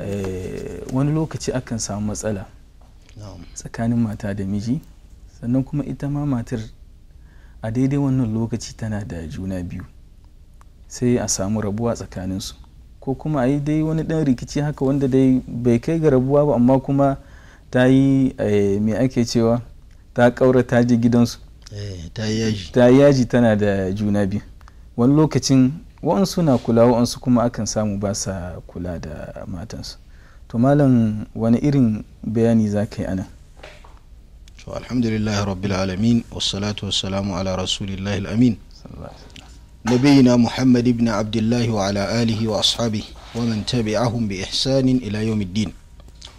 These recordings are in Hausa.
Eh, wani lokaci akan samu matsala tsakanin mata da miji sannan kuma ita ma matar a daidai wannan lokaci tana da juna biyu sai a samu rabuwa tsakaninsu ko kuma a yi dai wani ɗan rikici haka wanda dai bai kai ga rabuwa ba amma kuma ta yi eh, me ake cewa ta ƙaura ta je gidansu eh, ta yi yaji tana da juna biyu wani lokacin wa'ansu na kula wa'ansu kuma akan samu ba sa kula da matansu to malam wani irin bayani za ka yi anan to alhamdulillah rabbil alamin wassalatu wassalamu ala rasulillahi al-amin نبينا محمد بن عبد الله وعلى آله وأصحابه ومن تبعهم بإحسان إلى يوم الدين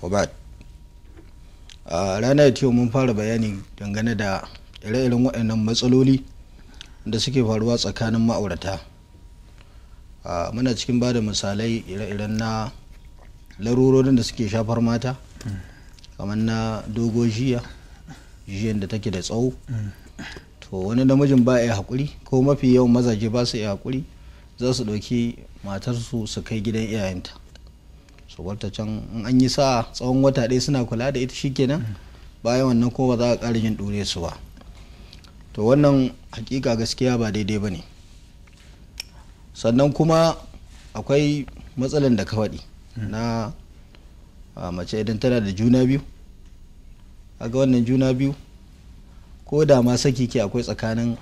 وبعد rana yau mun fara bayani dangane da ire-iren waɗannan matsaloli da suke faruwa tsakanin ma'aurata muna cikin ba da misalai ire-iren na larurorin da suke shafar mata kamar na dogo jiya jiyan da take da tsawo to wani namijin ba ya haƙuri ko mafi yawan mazaje ba su ya haƙuri za su ɗauki matarsu su kai gidan iyayenta su wata can in an yi sa tsawon wata ɗaya suna kula da ita shikenan bayan wannan ko ba za a ƙara yin ɗure su ba to wannan hakika gaskiya ba daidai ba ne sannan kuma akwai matsalan da ka faɗi hmm. na mace idan tana da juna biyu ga wannan juna biyu ko da ma saki ke akwai tsakanin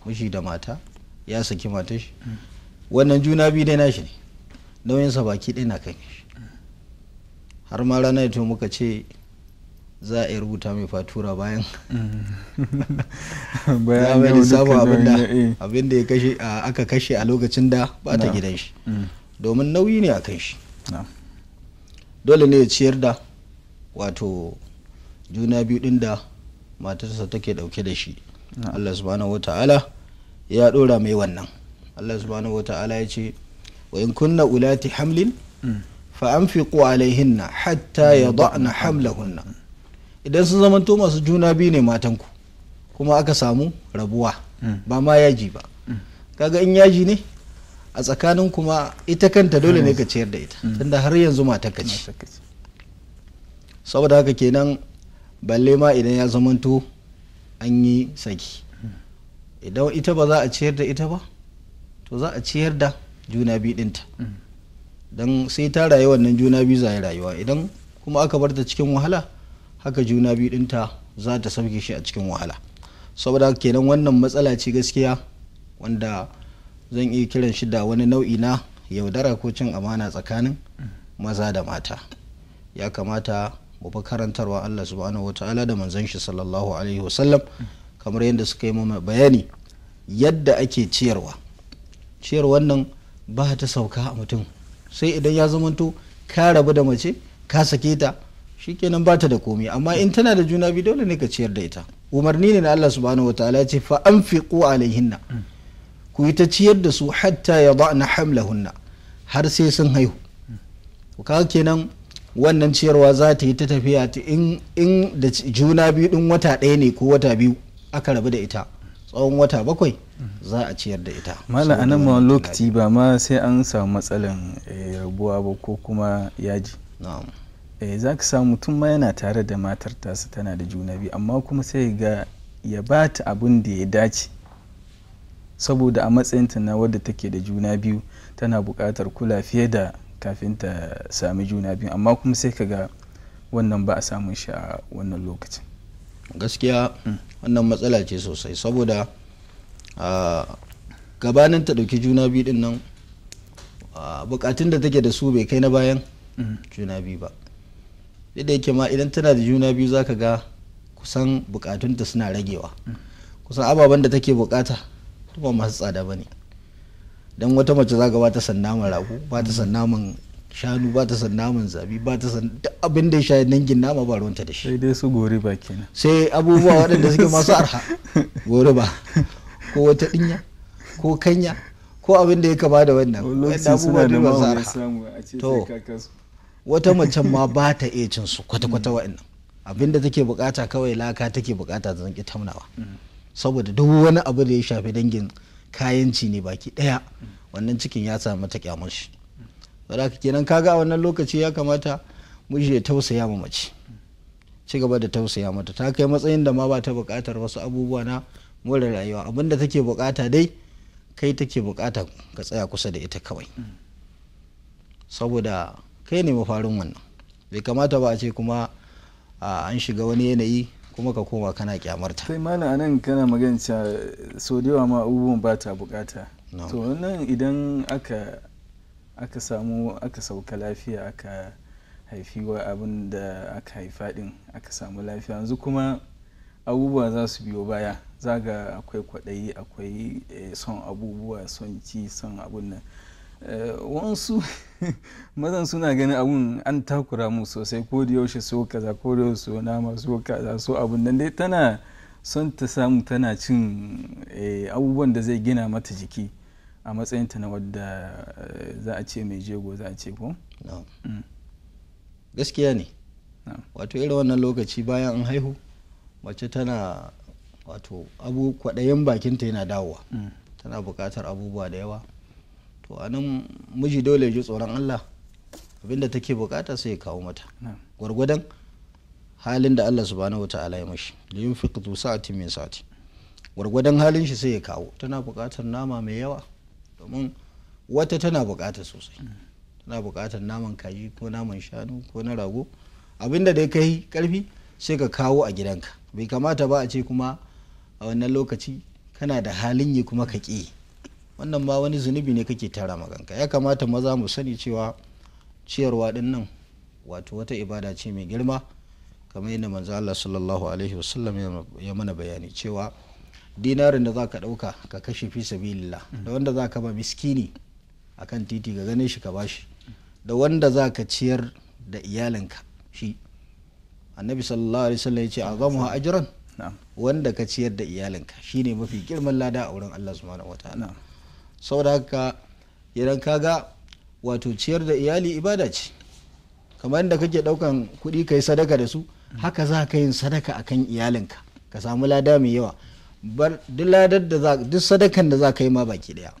kushi da mata ya saki mata shi hmm. wannan juna biyu dai nashi ne nauyinsa baki ɗaya na kan shi hmm. har ma rana ranar to muka ce za a yi rubuta mai fatura bayan bayan ya abin da eh. aka kashe a lokacin da ba ta gidan shi mm. domin nauyi ne a kan shi dole ne ya ciyar da wato juna biyu din da matarsa take dauke da shi Allah subhanahu wata'ala ya dora mai wannan Allah subhanahu wata'ala ya ce wa in kunna ulati hamlin mm. fa anfiqu alaihinna hatta ya mm. yada'na hamlahunna idan sun zamanto masu juna biyu ne matanku kuma aka samu rabuwa ba ma yaji ba kaga in yaji ne a tsakanin kuma ita kanta dole ne ka ciyar da ita tunda har yanzu ka ce saboda haka kenan balle ma idan ya zamanto an yi saki idan ita ba za a ciyar da ita ba to za a ciyar da juna biyu dinta don sai ta rayu wannan juna biyu za a rayuwa idan kuma aka bar ta cikin wahala haka juna biyu dinta za ta sauke shi a cikin wahala saboda kenan wannan matsala ce gaskiya wanda zan iya kiran shi da wani nau'i na yaudara ko cin amana tsakanin maza da mata ya kamata mu fi karantarwa Allah subhanahu wa ta'ala da manzon shi sallallahu alaihi wasallam kamar yadda suka yi mana bayani yadda ake ciyarwa ciyar nan ba ta sauka a mutum sai idan ya zamanto ka rabu da mace ka sake ta shikenan ba ta da komi amma in tana da juna biyu dole ne ka ciyar da ita umarni ne na Allah subhanahu ta'ala ce fa anfiqu alaihinna ku yi ta ciyar da su hatta ya na hamlahunna har sai sun haihu kaga kenan wannan ciyarwa za ta yi ta tafiya ta in da juna biyu din wata ɗaya ne ko wata biyu aka rabu da ita tsawon wata bakwai za a ciyar da ita mala a nan ma lokaci ba ma sai an samu matsalan eh, rabuwa ba ko kuma yaji Eh, za ka samu mutum ma yana tare da matar tasa tana da juna biyu amma kuma sai ga ya ba ta abin da ya dace saboda a matsayinta na wadda take da juna biyu tana bukatar kula fiye da kafin ta sami juna biyu amma kuma sai ka ga wannan ba a samun shi a wannan lokacin gaskiya wannan matsala ce sosai saboda gabanin ta ɗauki juna biyu din nan bukatun da take da su bai kai na bayan mm. juna biyu ba da yake ma idan tana da juna biyu zaka ga kusan bukatunta suna ragewa kusan ababen da take bukata kuma masu tsada ba ne don wata mace za ga ba ta san naman rago ba ta san naman shanu ba ta san naman zabi ba ta san duk abin da ya sha dangin nama ba ruwanta da shi sai dai su gori ba kenan sai abubuwa waɗanda suke masu arha gori ba ko wata dinya ko kanya ko abin da ya kama da wannan abubuwa da masu arha to wata mace ma ba ta iya cin su kwata-kwata wa'annan abinda take bukata kawai laka take bukata zan ki tamnawa saboda duk wani abu da ya shafi dangin kayanci ne baki daya wannan cikin ya samu ta kyamar shi ka kenan kaga a wannan lokaci ya kamata miji ya tausaya ma mace ci gaba da tausaya mata ta kai matsayin da ma ba ta bukatar wasu abubuwa na more rayuwa abinda take bukata dai kai take bukata ka tsaya kusa da ita kawai saboda kai ne mafarin wannan bai kamata ba a ce kuma an shiga wani yanayi kuma ka koma kana kyamarta sai mana anan kana magana so da yawa ma abubuwan ba ta bukata to nan idan aka aka samu aka sauka lafiya aka haifi wa abin da aka haifa din aka samu lafiya yanzu kuma abubuwa za su biyo baya zaga akwai kwaɗayi akwai eh, son abubuwa son ci son abun nan Eh, wansu mazan suna ganin abun an takura mu sosai ko da yaushe so kaza ko da yaushe so nama so kaza so abun nan dai tana son ta samu tana cin eh, abubuwan da zai gina mata jiki a matsayinta na wadda eh, za a ce mai jego za a ce ko mm. gaskiya ne wato irin wannan lokaci bayan an haihu mace tana wato abu kwaɗayin bakinta yana dawowa mm. tana buƙatar abubuwa da yawa to anan miji dole ya ji tsoron Allah abinda take bukata sai ya kawo mata gwargwadon halin da Allah subhanahu ta'ala ya mashi da yin fiqtu sa'atin min sa'ati gwargwadon halin shi sai ya kawo tana bukatar nama mai yawa domin wata tana bukata sosai mm. tana bukatar naman kaji ko naman shanu ko na rago abinda da kai karfi sai ka kawo a gidanka bai kamata ba a ce kuma a wannan lokaci kana da halin yi kuma ka ƙi wannan ba wani zunubi ne kake tara maganka ya kamata maza mu sani cewa ciyarwa din nan wato wata ibada ce mai girma kamar yadda manzo Allah sallallahu alaihi wasallam ya mana bayani cewa dinarin da zaka dauka ka kashe fi sabilillah mm. da wanda zaka ba miskini akan titi ga ganin shi ka bashi da wanda zaka ciyar da iyalinka shi annabi sallallahu alaihi wasallam ya ce azamu ajran wanda ka ciyar da iyalinka shine mafi girman lada a wurin Allah subhanahu wataala saboda idan ka ga wato ciyar da iyali ibada ce kamar da kake daukan kuɗi kai sadaka da su haka za ka yin sadaka akan iyalinka ka samu lada mai yawa duk sadakan da za ka yi ma baki daya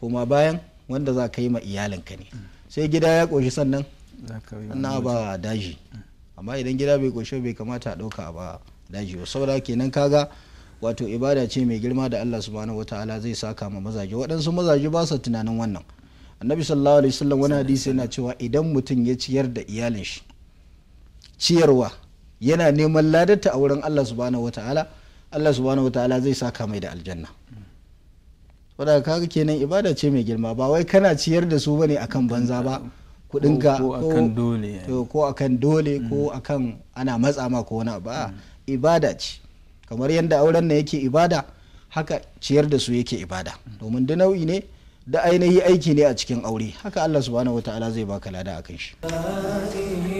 kuma bayan wanda za ka yi ma iyalinka ne sai gida ya koshi sannan na ba daji amma idan gida bai koshi bai kamata a dauka ba daji saboda kenan kaga wato ibada ce mai girma da Allah subhanahu wataala zai saka ma mazaje waɗansu mazaje ba su tunanin wannan annabi sallallahu alaihi wasallam wani hadisi yana cewa idan mutum ya ciyar da iyalin shi ciyarwa yana neman ladarta a wurin Allah subhanahu wataala Allah subhanahu wataala zai saka mai da aljanna wadda kaga kenan ibada ce mai girma ba wai kana ciyar da su bane akan banza ba kudinka ko akan dole ko mm. akan ana matsa ma ko wani ba ibada ce kamar yadda auren na yake ibada haka ciyar da su yake ibada domin da nau'i ne da ainihi aiki ne a cikin aure haka Allah subhanahu wataala zai baka lada a akan shi